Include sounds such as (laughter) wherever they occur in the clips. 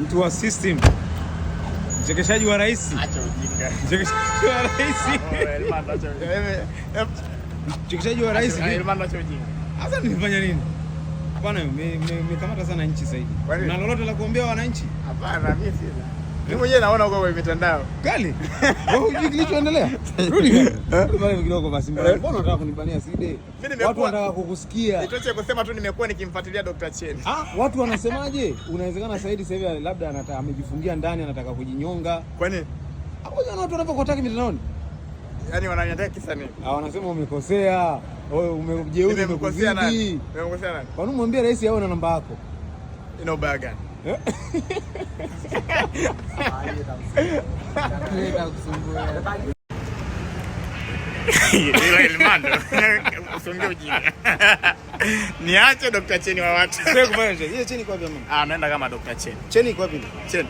mtu wa system, mchekeshaji wa rais, mchekeshaji wa rais. Sasa (laughs) oh, eh, nimefanya nini? Hapana, mmekamata sana nchi zaidi. Na lolote la kuombea wananchi? Hapana, mimi sina. Mimi mwenyewe naona huko kwenye mitandao. Kweli? Wewe hujui kilichoendelea? Rudi (laughs) pale kidogo basi. Mbona unataka kunibania side? Watu wanataka kukusikia. Nitoshe kusema tu nimekuwa nikimfuatilia Dr. Chen. Ah, watu wanasemaje? Unawezekana Saidi sasa hivi labda anataka amejifungia ndani anataka kujinyonga. Kwa nini? Hapo jana watu wanapokutaki mitandaoni. Yaani wananiandaa kisa nini? Ah, wanasema umekosea. Wewe umejeuri umekosea nani? Umekosea nani? Kwa nini mwambie rais aone namba yako? Ina ubaya gani? Ila Elmando usiongee ujinga. Niache Dr. Cheni wa watu. Sio kufanya hiyo. Hiyo Cheni kwa wapi mama? Ah, naenda kama Dr. Cheni. Cheni kwa wapi? Cheni.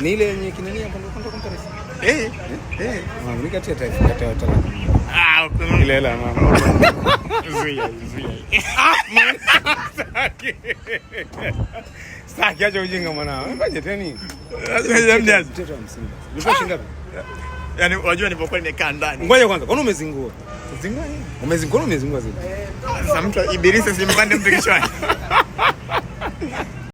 Ni ile yenye kinani hapo ndio kwenda kumtaris. Eh. Eh. Mama eh. ah, ni kati ya taifa kati ya talaka. Ah, kuna ile la mama. Zuia, zuia. Ah, mama. Sasa kiaje ujinga mwanao? Fanye tena nini? Ah! Yaani unajua nilipokuwa nimekaa ndani. Ngoja kwanza, kwani umezingua? Zingua nini? Umezingua, umezingua zipi? Sasa mtu ibilisi simpande mtu kichwani. (laughs)